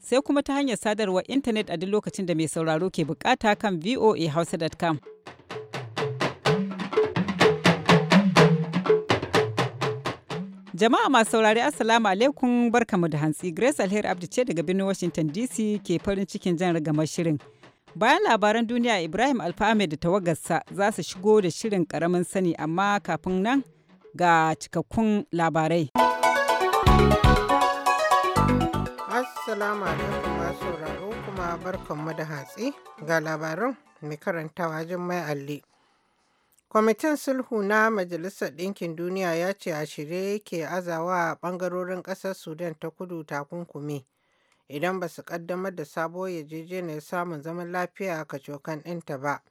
sai kuma ta hanyar sadarwar intanet a duk lokacin da mai sauraro ke bukata kan voahausa.com. Jama'a masu saurari Assalamu alaikum barkamu da hantsi Grace Alheri abdu ce daga birnin Washington DC ke farin cikin jan rigamar shirin. Bayan labaran duniya Ibrahim Alfahame da tawagarsa za su shigo da shirin karamin sani amma kafin nan ga cikakkun labarai. Assalamu alaikum masu sauraro kuma mu da hatsi ga labaran mai karantawa mai Alli. Kwamitin sulhu na Majalisar Ɗinkin Duniya ya ce a shirye yake azawa a ɓangarorin ƙasar Sudan ta kudu takunkumi idan ba su ƙaddamar da sabo yarjejeniyar samun zaman lafiya a kacokan ɗinta ba.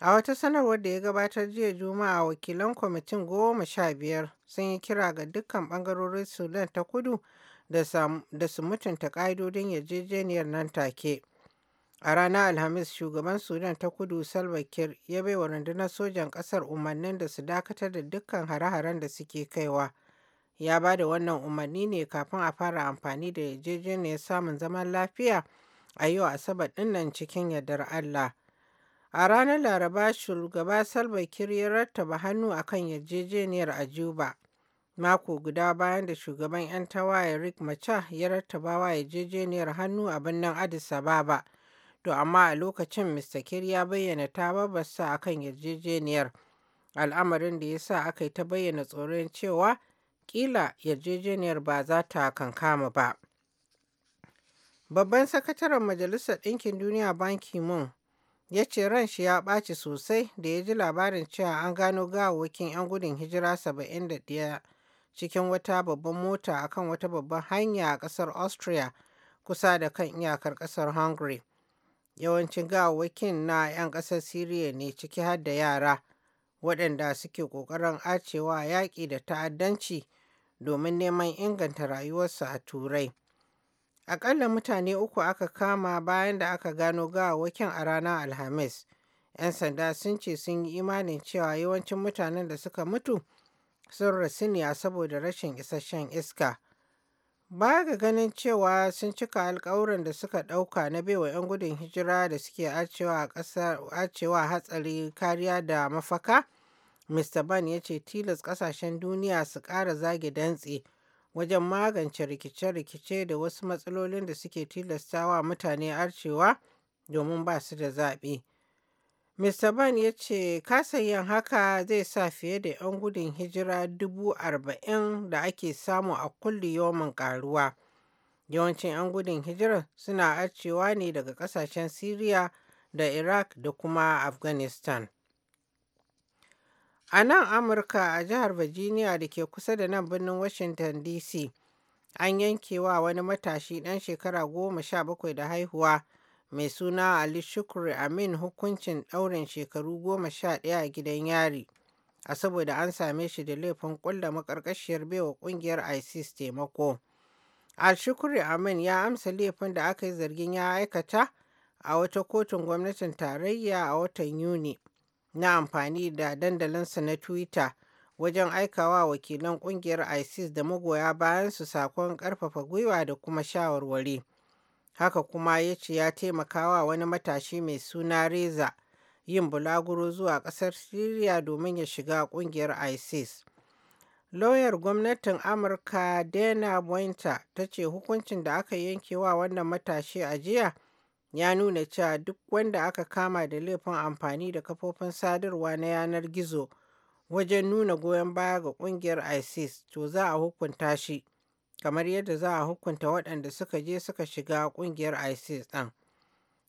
A wata sanarwar da ya gabatar jiya Juma'a wakilan kwamitin goma sha biyar sun yi kira ga dukkan ɓangarorin Sudan ta kudu da su mutunta ƙa'idodin yarjejeniyar nan take. A ranar Alhamis, shugaban Sudan ta kudu Salva Kiir ya bai wa rundunar sojan ƙasar umarnin da su dakatar da dukkan hare-haren da suke kaiwa. Ya ba da wannan umarni ne kafin a fara amfani da yarjejeniyar samun zaman lafiya a yau Asabar ɗinnan cikin yardar Allah. A ranar Laraba, shugaba Salva Kiir ya rattaba hannu akan yarjejeniyar a Juba. mako guda bayan da shugaban 'yan tawaye rick macha ya rattabawa yarjejeniyar hannu a birnin addis ababa to amma a lokacin mr kir ya bayyana babbarsa a kan yarjejeniyar al'amarin da ya sa aka yi ta bayyana tsoron cewa kila yarjejeniyar ba za ta kankama ba babban sakataren majalisar ɗinkin duniya banki moon ya ce ran shi ya ɓaci sosai da ya ji labarin cewa an gano gawawakin 'yan gudun hijira ɗaya. cikin wata babban mota a kan wata babban hanya a ƙasar Austria kusa da kan iyakar ƙasar Hungary. Yawancin gawawakin na 'yan ƙasar Syria ne ciki har da yara waɗanda suke ƙoƙarin acewa yaƙi da ta'addanci domin neman inganta rayuwarsu a Turai. Aƙalla mutane uku aka kama bayan da aka gano gawawakin a ranar Alhamis. 'Yan sanda sun ce sun yi imanin cewa yawancin mutanen da suka mutu sun rasiniya saboda rashin isasshen iska. Ba ga ganin cewa sun cika alkawuran da suka ɗauka na baiwa 'yan gudun hijira da suke acewa hatsari kariya da mafaka, Mr. Ban ya ce tilas ƙasashen duniya su ƙara zage dantse wajen magance rikice-rikice da wasu matsalolin da suke tilastawa mutane arcewa domin ba su da zaɓe. Mr. Ban ya ce yin haka zai sa fiye da 'yan gudun hijira dubu arba'in da ake samu a kulli yomin karuwa. Yawancin 'yan gudun hijira suna arcewa ne daga kasashen Siriya da Iraq da kuma Afghanistan. A nan Amurka a jihar Virginia da ke kusa da nan birnin Washington DC, an yankewa wani matashi ɗan shekara goma sha bakwai da haihuwa mai suna Ali Shukri Amin hukuncin ɗaurin shekaru goma sha ɗaya a gidan yari, a saboda an same shi da laifin ƙulla maƙarƙashiyar baiwa ƙungiyar ISIS taimako. Al-Shukri Amin ya amsa laifin da aka yi zargin ya aikata a wata kotun gwamnatin tarayya a watan Yuni na amfani da dandalinsa na Twitter wajen aikawa wakilan ƙungiyar ISIS da magoya bayan su sakon ƙarfafa gwiwa da kuma shawarwari. haka kuma ya ce ya taimakawa wani matashi mai suna reza yin bulaguro zuwa kasar syria domin ya shiga kungiyar isis lauyar gwamnatin amurka dana boynta ta ce hukuncin da aka yankewa wannan matashi a jiya ya nuna cewa duk wanda aka kama da laifin amfani da kafofin sadarwa na yanar gizo wajen nuna goyon baya ga kungiyar isis to za a hukunta shi kamar yadda za a hukunta waɗanda suka je suka shiga ƙungiyar isis ɗin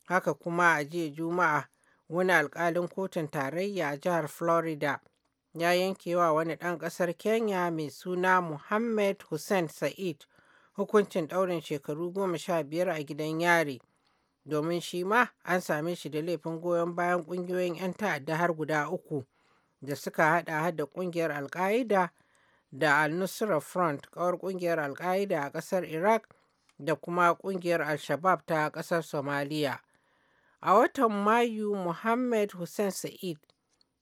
haka kuma a jiya juma'a wani alƙalin kotun tarayya a jihar florida ya yankewa wani ɗan ƙasar kenya mai suna muhammad hussein sa'id hukuncin ɗaurin shekaru goma sha biyar a gidan yari domin shi ma an same shi da laifin goyon bayan ƙungiyoyin 'yan ta'adda har guda uku da suka haɗa da ƙungiyar alka'ida da al-nusra front kawar kungiyar al-qaida a kasar iraq da kuma kungiyar al-shabab ta kasar somaliya a watan mayu muhammad hussein sa'id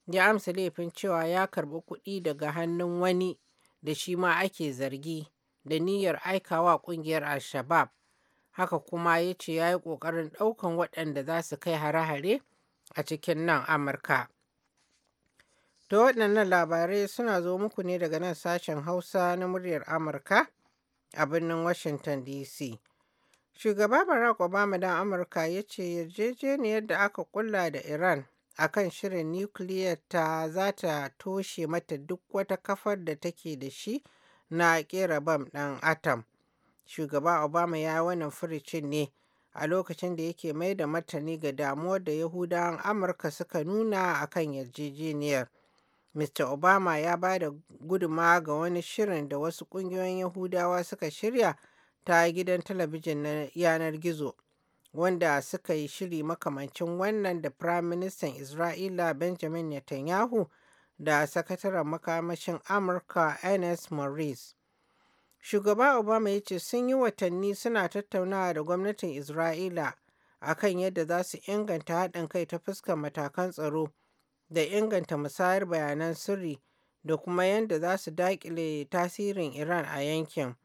ya amsa laifin cewa ya karbi kuɗi daga hannun wani da shi ma ake zargi da niyyar aikawa kungiyar al-shabab haka kuma ya ce ya yi ƙoƙarin ɗaukan waɗanda za su kai hare-hare a cikin nan amurka Da waɗannan labarai suna zo muku ne daga nan sashen Hausa na muryar Amurka a birnin Washington DC. Shugaba Barack Obama dan Amurka ya ce yarjejeniyar da aka kulla da Iran akan shirin nukiliyar ta za ta toshe mata duk wata kafar da take da shi na kera bam ɗan atom. Shugaba Obama ya yi wannan furicin ne a lokacin da yake mai da martani ga damuwar da Yahudawan Amurka suka nuna akan yarjejeniyar. Mr. Obama ya ba da guduma ga wani shirin da wasu ƙungiyoyin Yahudawa suka shirya ta gidan talabijin na yanar gizo, wanda suka yi shiri makamancin wannan da Firaministan Isra'ila Benjamin Netanyahu da Sakataren Makamashin Amurka Ernest Moniz. Shugaba Obama ya ce sun yi watanni suna tattaunawa da gwamnatin Isra'ila akan yadda za su inganta haɗin kai ta fuskar matakan tsaro da inganta musayar bayanan sirri da kuma yadda za su daƙile tasirin Iran a yankin.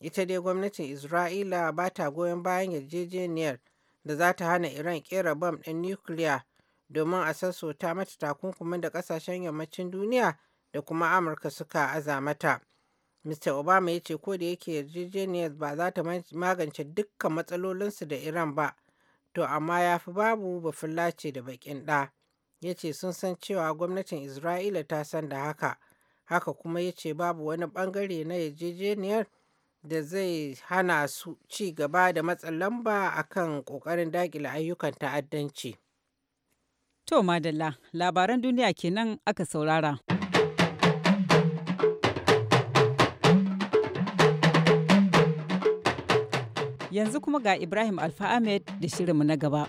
Ita dai gwamnatin Isra'ila ba ta goyon bayan yarjejeniyar da za ta hana Iran ƙera bam ɗin nukiliya domin a sassauta mata takunkumin da ƙasashen yammacin duniya da kuma Amurka suka aza mata. Mr. Obama ya ce ko da yake yarjejeniyar ba za ta magance dukkan matsalolinsu da Iran ba, to amma ya fi babu bafin ce da baƙin ɗa. ya ce sun san cewa gwamnatin isra'ila ta san da haka haka kuma ya ce babu wani bangare na yarjejeniyar da zai hana su ci gaba da matsan lamba kan kokarin dakile ayyukan ta'addanci to madalla labaran duniya kenan aka saurara yanzu kuma ga ibrahim alfa ahmed da shirinmu na gaba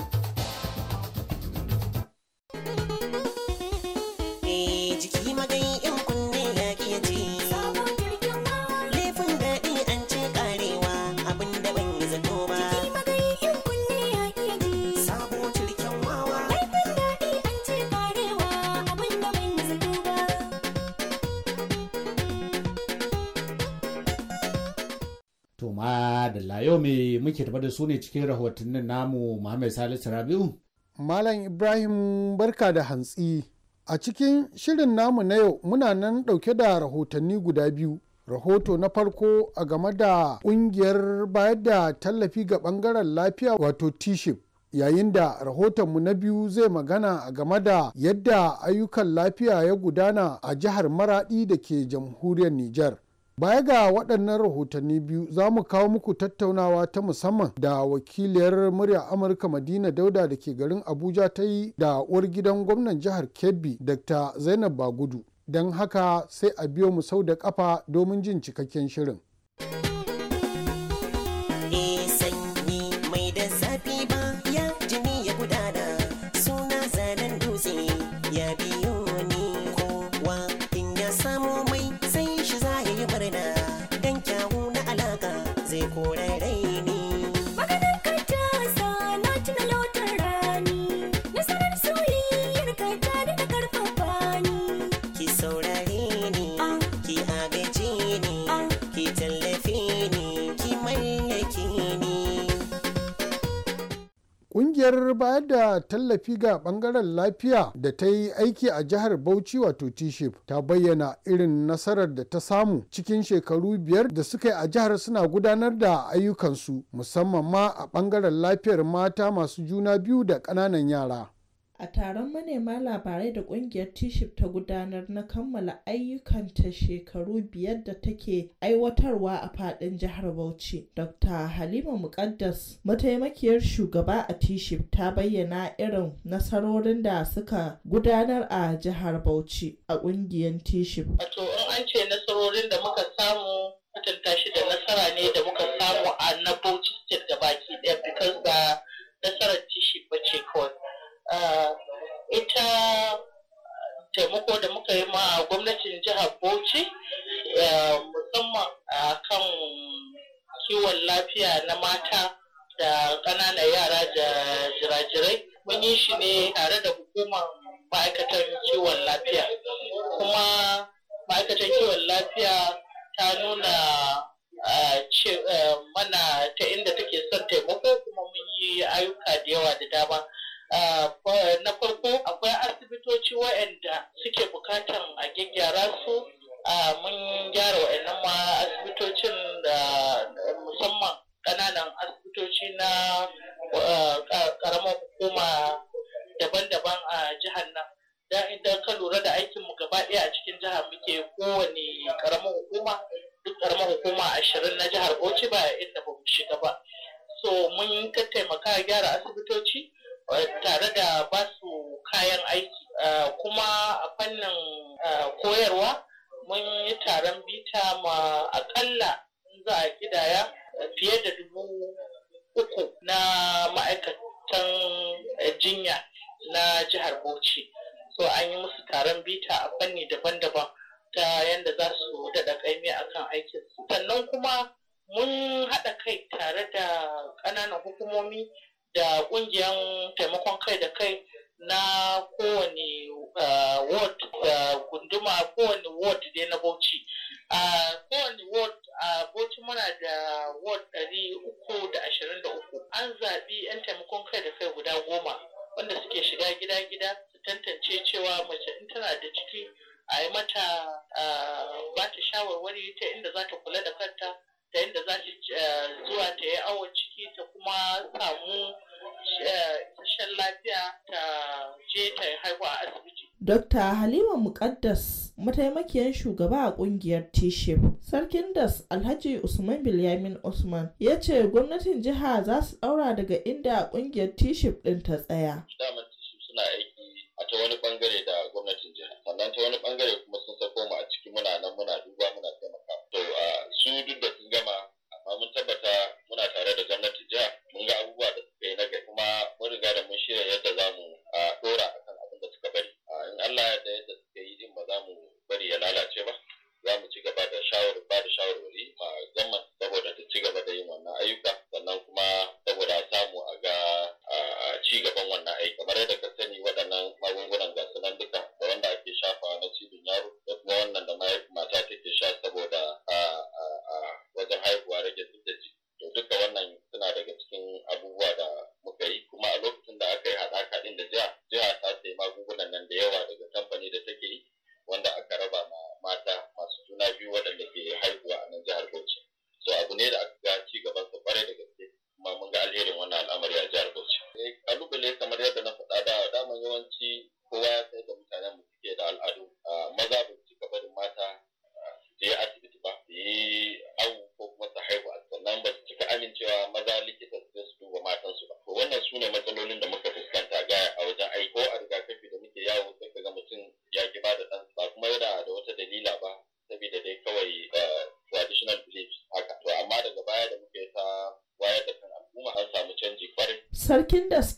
su ne cikin rahotannin namu Muhammad Salisu Rabiu. Malam Ibrahim barka da hantsi. A cikin shirin namu na yau muna nan ɗauke da rahotanni guda biyu. Rahoto na farko a game da ƙungiyar bayar da tallafi ga ɓangaren lafiya wato T-ship. Yayin da rahotonmu na biyu zai magana a game da yadda ayyukan lafiya ya gudana a jihar Maraɗi da ke jamhuriyar Nijar. baya ga waɗannan rahotanni biyu za mu kawo muku tattaunawa ta musamman da wakiliyar murya amurka madina dauda da ke garin abuja ta yi da uwar gidan gwamnan jihar kebbi dr zainab bagudu don haka sai a biyo mu sau da kafa domin jin cikakken shirin Ƙungiyar bayar da tallafi ga bangaren lafiya da ta yi aiki a jihar Bauchi wato t ta bayyana irin nasarar da ta samu cikin shekaru biyar da suka yi a jihar suna gudanar da ayyukansu musamman ma a bangaren lafiyar mata masu juna biyu da ƙananan yara. A taron manema labarai da ƙungiyar t ta gudanar na kammala ayyukanta shekaru biyar da take aiwatarwa a faɗin jihar Bauchi, Dr. Halima Muƙaddas, mataimakiyar shugaba a t ta bayyana irin nasarorin da suka gudanar a jihar Bauchi a ƙungiyar t Wato in an ce nasarorin da muka samu mutunta shi da nasara ne da muka samu a na Bauchi State gabaki ɗaya because ba nasarar t ba ce kawai. Eh, ita taimako da muka yi ma gwamnatin jihar bauchi eh, musamman a kan kiwon lafiya na mata da ƙananan yara da jirajirai mun yi shi ne tare da hukumar ma'aikatan kiwon lafiya kuma ma'aikatan kiwon lafiya ta nuna eh, mana ta inda take son taimako kuma mun yi ayyuka da yawa da dama na farko akwai asibitoci waɗanda suke bukatan a gyaggyara su mun gyara waɗannan ma asibitocin da musamman ƙananan asibitoci na ƙaramar hukuma daban-daban a jihar nan da idan ka lura da aikinmu gaba ɗaya a cikin jihar muke kowane ƙaramar hukuma duk karamar hukuma ashirin na jihar Bauchi ba inda ba mu shiga ba. So mun ka taimaka gyara asibitoci 对对对，关。kuma samu eh, sashen lafiya ta je ta haihuwa a asibiti. Dokta Halima Muƙaddas mataimakiyar shugaba a kungiyar t Sarkin Das Alhaji Usman Bilyamin Usman ya ce gwamnatin jiha za su daura daga inda kungiyar T-Shape ɗin ta tsaya. Da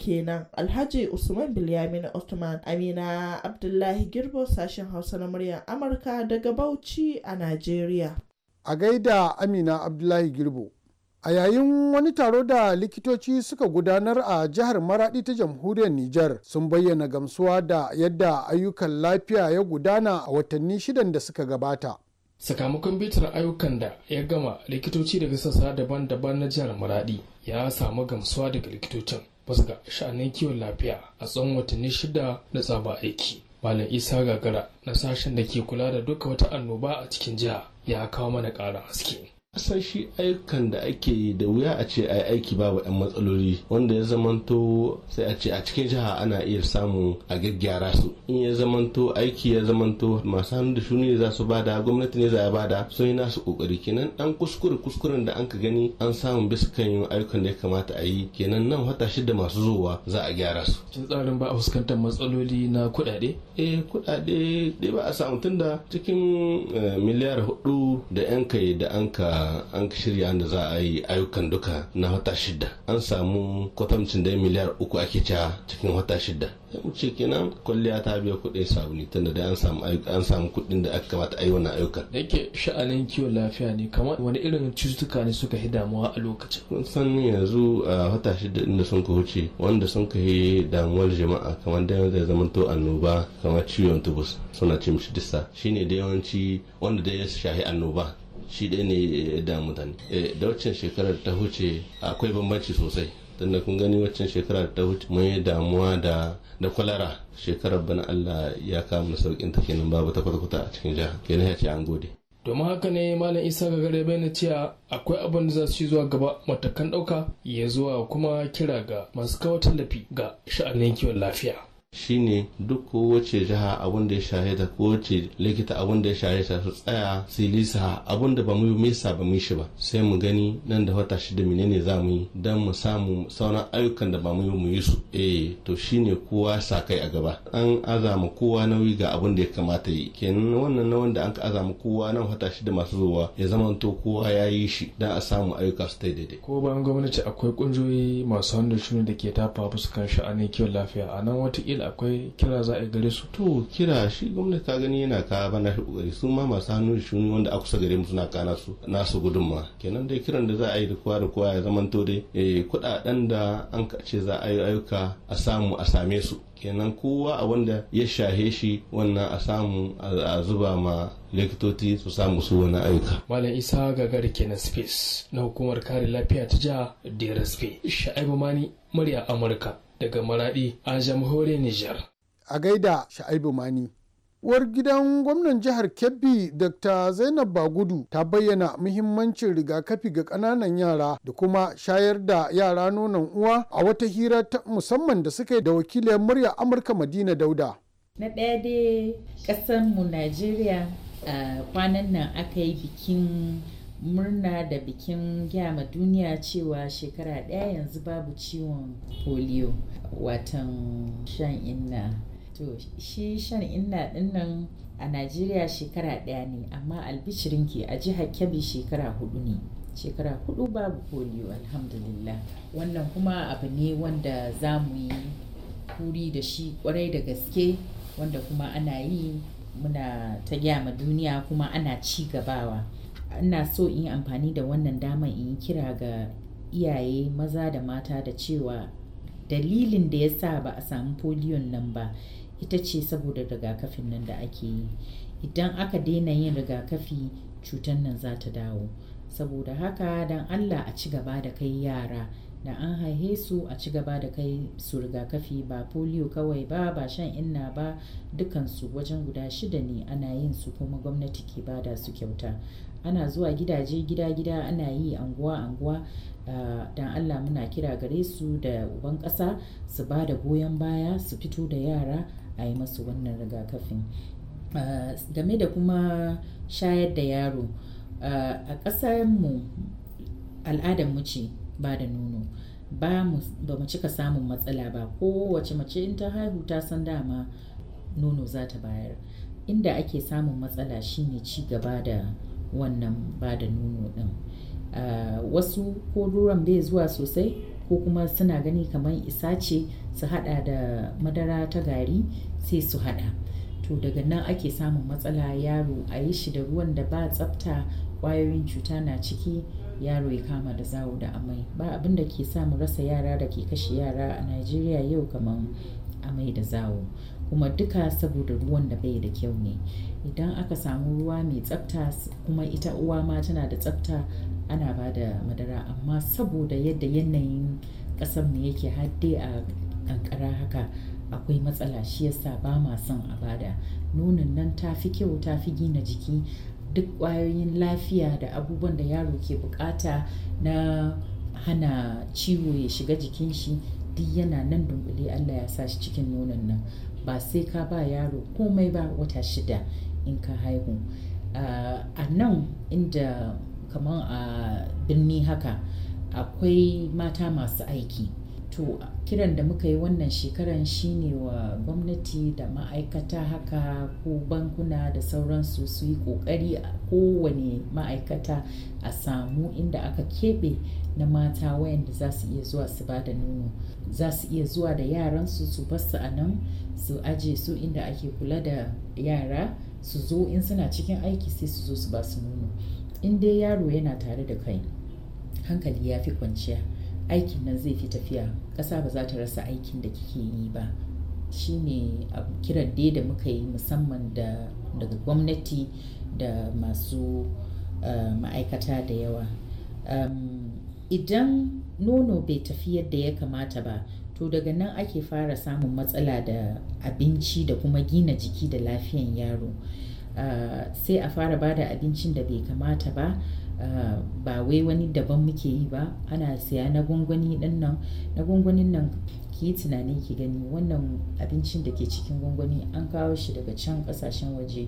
kenan alhaji usman bilyamin Osman amina abdullahi girbo sashen hausa na muryar amurka daga bauchi a nigeria. a gaida amina abdullahi girbo a yayin wani taro da likitoci suka gudanar a jihar maradi ta jamhuriyar niger sun bayyana gamsuwa da yadda ayyukan lafiya ya gudana a watanni shidan da suka gabata sakamakon bitar ayyukan da ya gama likitoci daga sassa daban-daban na jihar maradi ya samu gamsuwa daga likitocin fuska sha'anin kiwon lafiya a tsawon watanni shida da tsaba aiki malam isa gagara na sashen da ke kula da duka wata annoba a cikin jiha ya kawo mana ƙara haske shi ayyukan da ake yi da wuya a ce a yi aiki babu 'yan matsaloli wanda ya zamanto sai a ce a cikin jiha ana iya samun a gaggyara su in ya zamanto aiki ya zamanto masu hannu da shuni ne za su bada gwamnati ne za a bada sun yi nasu kokari kenan dan kuskure kuskuren da an ka gani an samu bisa kan yin ayyukan da ya kamata a yi kenan nan wata da masu zuwa za a gyara su cin tsarin ba a fuskantar matsaloli na kuɗaɗe eh kuɗaɗe dai ba a samu tunda cikin eh, miliyar hudu da 'yan kai da an ka an shirya da za a yi ayyukan duka na wata shida an samu kwatamcin da miliyar uku ake ca cikin wata shida ya ce kenan kwalliya ta biya kuɗi sabuni tunda da an samu an samu kuɗin da aka kamata a yi wannan ayyukan yake sha'anin kiwon lafiya ne kamar wani irin cututtuka ne suka yi damuwa a lokacin kun san yanzu a wata shida da sun ka wuce wanda sun ka yi damuwar jama'a kamar da zai zama to annoba kamar ciwon tubus suna ce mishi dissa shine da yawanci wanda da ya shahi annoba shi da ne da mutane eh, da waccan shekarar ta huce akwai bambanci sosai tunda kun gani waccan shekarar ta huce mun yi damuwa da da kwalara shekarar bana Allah ya kama saukin ta kenan babu ta kwata a cikin jihar kenan ya ce an gode domin haka ne malam isa ga gare bai cewa akwai abin da za su yi zuwa gaba matakan ɗauka ya zuwa kuma kira ga masu kawo tallafi ga sha'anin kiwon lafiya shine duk kowace jiha abun da ya shahe ta wace likita abun da ya shaye ta su tsaya su lisa abun da ba mu yi mesa ba mu shi ba sai mu gani nan da wata shida menene za mu yi dan mu samu sauran ayyukan da ba mu yi mu yi su eh to shine kowa sa kai a gaba an azama kowa nauyi ga abun da ya kamata yi kenan wannan na wanda an ka azama kowa nan wata shida masu zuwa ya zama to kowa ya yi shi dan a samu ayyuka su daidai ko bayan gwamnati akwai kungiyoyi masu hannu shine da ke tafa fuskan sha'anin kiwon lafiya a nan il. akwai kira za a gare su to kira shi gwamnati ta gani yana ka bana shi kokari su ma masu hannun shuni wanda a kusa gare mu suna kana su nasu gudunma kenan dai kiran da za a yi da kowa da kowa ya zamanto dai eh, kudaden da an ce za a yi ayyuka a samu a same su kenan kowa a wanda ya shahe shi wannan a samu a zuba ma likitoci su samu su wani ayyuka. Malam Isa gagari kenan space na hukumar kare lafiya ta jiha DRSP. Sha'ibu Mani, murya Amurka. daga Maradi a jamhuriyar Nijar. A gaida Sha'aibu Mani. Uwar gidan gwamnan jihar Kebbi Dr. Zainab Bagudu ta bayyana muhimmancin rigakafi ga ƙananan yara da kuma shayar da yara nonon uwa a wata hira ta musamman da suka yi da wakilin murya Amurka Madina Dauda. Na ɗaya dai mu Najeriya kwanan nan aka yi bikin murna da bikin gyama duniya cewa shekara ɗaya yanzu babu ciwon polio watan shan inna to shi shan inna dinnan a najeriya shekara ɗaya ne amma albishirin albishirinki a jihar kebbi shekara hudu ne shekara hudu babu polio alhamdulillah wannan kuma abu ne wanda za mu yi kuri da shi kwarai da gaske wanda kuma ana yi muna ta gyama duniya kuma ana ci gabawa ina so in yi amfani da wannan dama in yi kira ga iyaye maza da mata da cewa dalilin da ya sa ba a samu foliyon nan ba ita ce saboda rigakafin nan da ake yi idan aka daina yin rigakafi cutar nan za ta dawo saboda haka dan allah a ci gaba da kai yara da an haihe su a ci gaba da kai su rigakafi ba polio kawai ba ba shan inna ba dukansu wajen guda shida ne ana yin su kuma gwamnati ke bada su kyauta ana zuwa gidaje gida-gida ana yi anguwa-anguwa ah, dan Allah muna kira gare su da uban ƙasa su ba da goyon baya su fito da yara a yi masu wannan rigakafin ah, game da kuma shayar da yaro ah, a ƙasarmu mu ce ba da nono ba mu cika samun matsala ba kowace mace in ta haihu ta san dama nono za ta bayar inda ake samun matsala shine ci gaba da wannan ba da nono ɗin ah, wasu ko ruwan bai zuwa sosai ko kuma suna gani kamar isa ce su hada da madara ta gari sai su hada to daga nan ake samun matsala yaro a yi shi da ruwan da ba tsafta kwayoyin cuta na ciki yaro ya kama da zawo da amai ba abin da ke samun rasa yara da ke kashe yara a najeriya yau kamar amai da zawo kuma duka saboda ruwan da bai da kyau ne idan aka samu ruwa mai tsafta kuma ita uwa ma tana da tsafta ana ba da madara amma saboda yadda yanayin ƙasar mu yake hadde a kankara haka akwai matsala shi yasa ba ma son a bada nonon nan ta fi kyau ta fi gina jiki duk ƙwayoyin lafiya da abubuwan da yaro ke bukata na hana ciwo ya shiga jikin shi duk yana nan dunkule allah ya sa shi cikin nonon nan ba sai ka ba yaro komai ba wata shida in ka haihu a nan inda kamar a birni haka akwai mata masu aiki to kiran da muka yi wannan shekaran shine wa gwamnati da ma'aikata haka ko bankuna da sauransu su yi kokari a kowane ma'aikata a samu inda aka keɓe na mata wayanda za su iya zuwa su ba da nono za su iya zuwa da yaransu su basu a nan su aje su inda ake kula da yara su zo in suna cikin aiki sai su zo su ba su nono in dai yaro yana tare da kai hankali ya fi kwanciya aikin nan zai fi tafiya ƙasa ba za ta rasa aikin da kike yi ba shine kiran dai da muka yi musamman da daga gwamnati da masu uh, ma'aikata da yawa um, idan nono bai tafi yadda ya kamata ba to daga nan ake fara samun matsala da abinci da kuma gina jiki da lafiyan yaro uh, sai a fara ba da abincin da bai kamata ba uh, ba wai wani daban muke yi ba ana siya na gwangwani din nan na gwangwanin nan ki yi tunani ki gani wannan abincin da ke cikin gwangwani an kawo shi daga can ƙasashen waje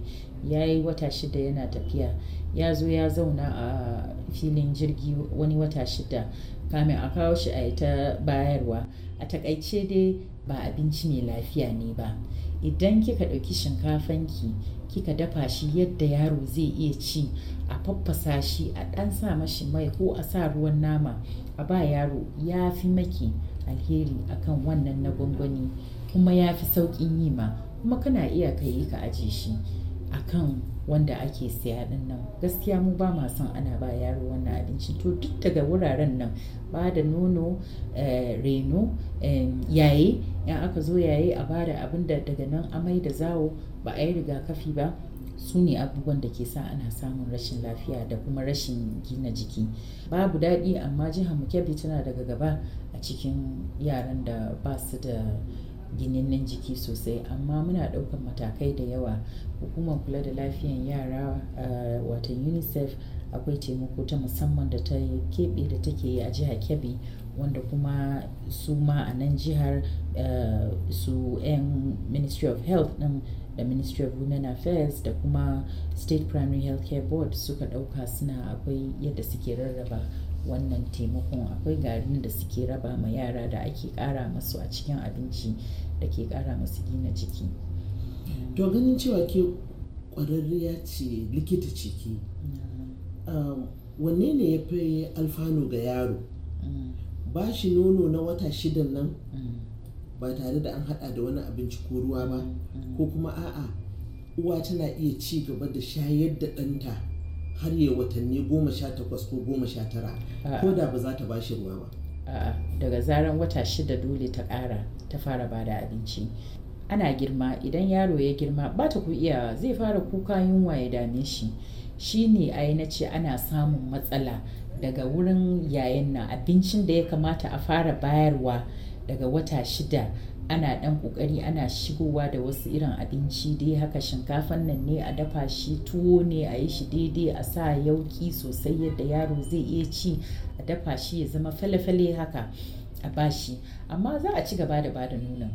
ya yi wata shida yana tafiya ya zo ya zauna a filin jirgi wani wata shida kamin a kawo shi a ta bayarwa a takaice dai ba abinci mai lafiya ne ba idan kika ɗauki shinkafanki kika dafa shi yadda yaro zai iya ci a faffasa shi a ɗan sa mashi mai ko a sa ruwan nama a ba yaro ya fi maki alheri akan wannan na gwangwani kuma ya fi sauƙin yi ma kuma kana iya kai ka aje shi akan wanda ake siya din nan gaskiya mu ba ma son ana ba yaro wannan abinci to duk daga wuraren nan ba da nono eh, reno yaye in aka zo yaye a ba da abin da daga nan amai da zawo ba a yi rigakafi ba su ne abubuwan da ke sa ana samun rashin lafiya da kuma rashin gina jiki babu daɗi amma jihar mu tana daga gaba a cikin yaran da ba su da nan jiki sosai amma muna ɗaukar matakai da yawa hukumar kula da lafiyan yara wato eh, wata unicef akwai taimako ta musamman da ta keɓe da take yi a jihar kebbi wanda kuma su ma a nan jihar eh, su 'yan ministry of health ɗin da ministry of women affairs da kuma state primary health care board suka ɗauka suna akwai yadda suke rarraba wannan taimakon akwai garin da suke raba ma yara da ake ƙara masu a cikin abinci da ke kara masu gina jiki to ganin cewa ke kwararriya ce likita ciki mm. ah, wanne ne ya fi alfano ga yaro mm. ba shi nono na wata shida nan mm. ba tare da an hada da wani abinci ko ruwa ba ko kuma a'a uwa tana iya ci gaba da shayar da ɗanta har ya watanni goma sha takwas ko goma sha tara ko da ba za ta ba shi ruwa ba daga zaran wata shida dole ta ƙara ta fara bada abinci ana girma idan yaro ya girma ba ta ku iyawa zai fara kuka yunwa ya dame shi shi ne a na ce ana samun matsala daga wurin yayan nan abincin da ya kamata a fara bayarwa daga wata shida ana ɗan ƙoƙari ana shigowa da wasu irin abinci dai haka shinkafan nan ne a dafa shi tuwo ne a yi shi daidai a sa yauki sosai yadda yaro zai iya ci a dafa shi ya zama fale-fale haka a bashi amma za a ci gaba da bada nonon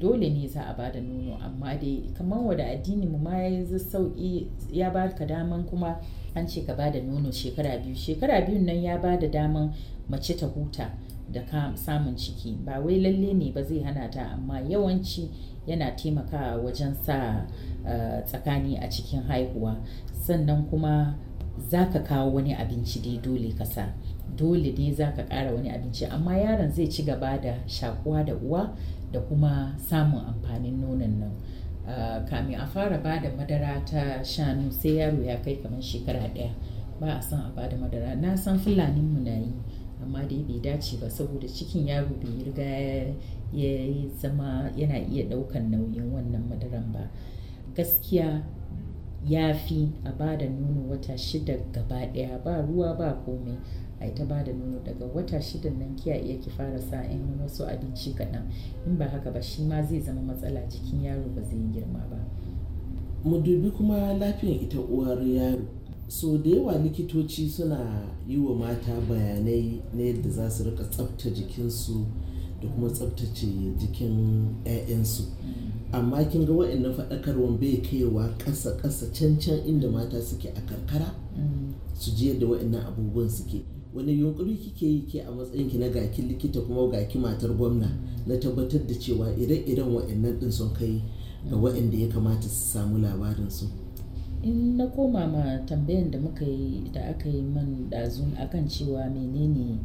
dole ne za a bada nono amma dai kamar wada addini mu ma ya sauki ya ba ka daman kuma an ce ka bada nono shekara biyu shekara biyun nan ya ba da daman mace ta huta da samun ciki ba wai lalle ne ba zai hana ta amma yawanci yana taimakawa wajen sa eh, tsakani a cikin haihuwa sannan kuma za ka kawo wani abinci dai dole ka sa dole ne za ka ƙara wani abinci amma yaron zai ci gaba da shakuwa da uwa da kuma samun amfanin nonon nan uh, a fara ba da madara ta shanu sai yaro ya kai kamar shekara ɗaya ba a son a ba da madara na san fulani mu na yi amma dai bai dace ba saboda cikin yaro bai riga ya zama yana iya ɗaukan nauyin wannan madaran ba gaskiya ya fi a ba da nono wata shida gaba ɗaya ba ruwa ba komai a ta ba da nono daga wata shida nan kiya iya ki fara sa in wasu abinci kaɗan in ba haka ba shi ma zai zama matsala jikin yaro ba zai girma ba mu dubi kuma lafiyan ita uwar yaro so da yawa likitoci suna yi wa mata bayanai na yadda za su rika tsabta jikinsu da kuma tsabtace jikin 'ya'yansu amma kin ga wa'annan faɗakarwan bai kaiwa ƙasa ƙasa can can inda mata suke a karkara su ji yadda wa'annan abubuwan suke wani yunkuri kike yi ke a matsayin ki na gaki likita kuma gaki matar gwamna na tabbatar da cewa ire-iren wa'annan ɗin sun kai ga wa'anda ya kamata su samu labarin su. in na koma ma tambayan da muka yi da aka yi man ɗazu kan cewa menene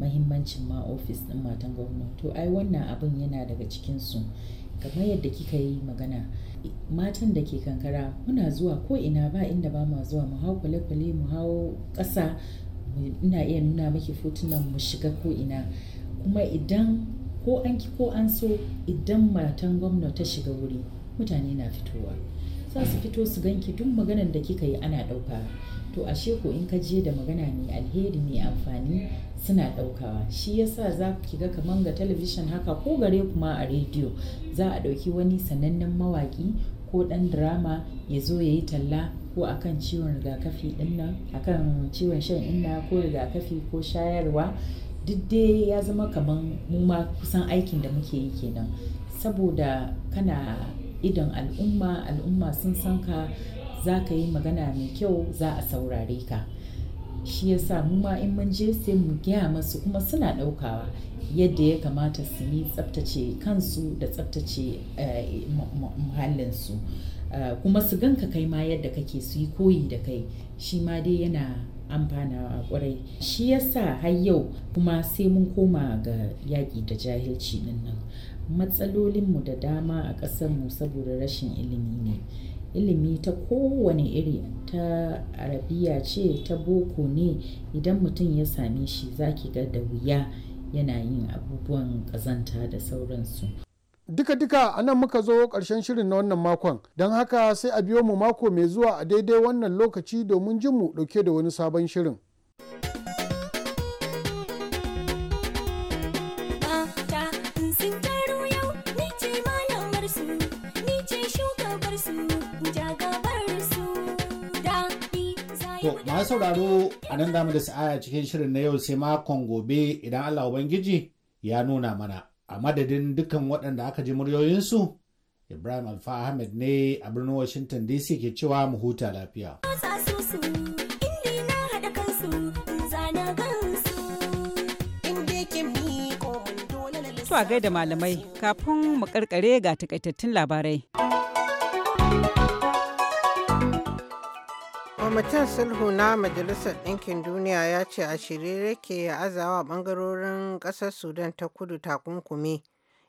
mahimmancin ma ofis ɗin matan gwamna to ai wannan abin yana daga cikin su kamar yadda kika yi magana matan da ke kankara muna zuwa ko ina ba inda ba ma zuwa mu hau kwale-kwale mu hau ƙasa ina iya nuna miki fotunan mu shiga ko ina kuma idan ko an ki ko an so idan matan gwamna ta shiga wuri mutane na fitowa za su fito su ganki tun maganar da kika yi ana ɗauka to ashe ko in ka je da magana mai alheri mai amfani suna ɗaukawa shi yasa za ku ga kaman ga talabishin haka ko gare kuma a rediyo za a ɗauki wani sanannen mawaƙi ko ɗan drama ya zo ya yi talla ko akan ciwon rigakafi ɗinnan akan ciwon shan inna ko rigakafi ko shayarwa duk dai ya zama kaman mu ma kusan aikin da muke yi kenan saboda kana idon al'umma al'umma sun san ka za ka yi magana mai kyau za a saurare ka shi sa mu ma in mun je sai mu gaya masu kuma suna ɗaukawa yadda ya kamata su yi tsaftace kansu da tsaftace eh, muhallinsu eh, kuma su ganka kai ma yadda kake su yi koyi da kai shi ma dai yana amfanawa kwarai shi ya sa har yau kuma sai mun koma ga yaƙi da jahilci nan nan matsalolinmu da dama a ƙasarmu saboda rashin ilimi ne ilimi ta kowane iri ta arabiya ce ta boko ne idan mutum ya same shi zaki ga da wuya yana yin abubuwan ƙazanta da sauransu duka-duka a nan muka zo ƙarshen shirin na wannan makon don haka sai a biyo mu mako mai zuwa a daidai wannan lokaci domin jin mu ɗauke da wani sabon shirin. masu sauraro a nan damu da sa'aya cikin shirin na yau sai makon gobe idan Allah Ubangiji ya nuna mana a madadin dukkan waɗanda aka ji muryoyinsu Ibrahim Alfa Ahmed ne a birnin Washington DC ke cewa mu huta lafiya. Tuwa gaida malamai kafin mu karkare ga takaitattun labarai. kwamitin sulhu na majalisar ɗinkin duniya ya ce a shirye yake ya azawa bangarorin ƙasar sudan ta kudu takunkumi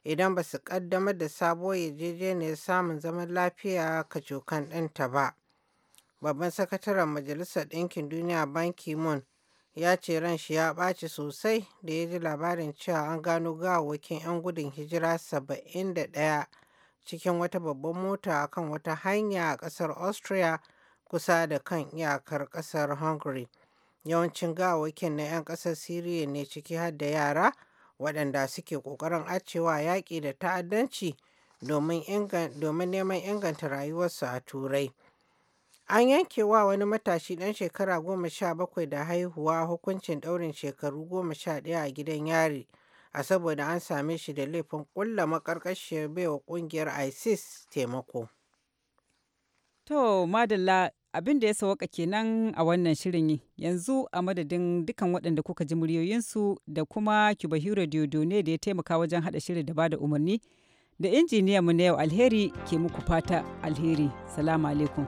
idan ba su ƙaddamar da sabuwar yarjejeniyar samun zaman lafiya kacokan ɗinta ba babban sakataren majalisar ɗinkin duniya ban ki ya ce ran shi ya ɓaci sosai da ya ji labarin cewa an gano gawakin 'yan gudun hijira 71 cikin wata babban mota akan wata hanya a ƙasar austria kusa da kan iyakar ƙasar Hungary. Yawancin gawakin na 'yan ƙasar Siriya ne ciki har da yara waɗanda suke ƙoƙarin acewa yaƙi da ta'addanci domin neman inganta rayuwarsu a Turai. An yanke wa wani matashi ɗan shekara goma sha bakwai da haihuwa hukuncin ɗaurin shekaru goma sha ɗaya a gidan yari, a saboda an same shi da laifin ƙulla maƙarƙashiyar baiwa ƙungiyar ISIS taimako. To, madalla abin da ya sauka kenan a wannan shirin yanzu a madadin dukan waɗanda kuka ji muryoyinsu da kuma Kibahiro ne da ya taimaka wajen haɗa shirin da bada umarni da injiniya mu na yau alheri ke muku fata alheri. Salamu alaikum.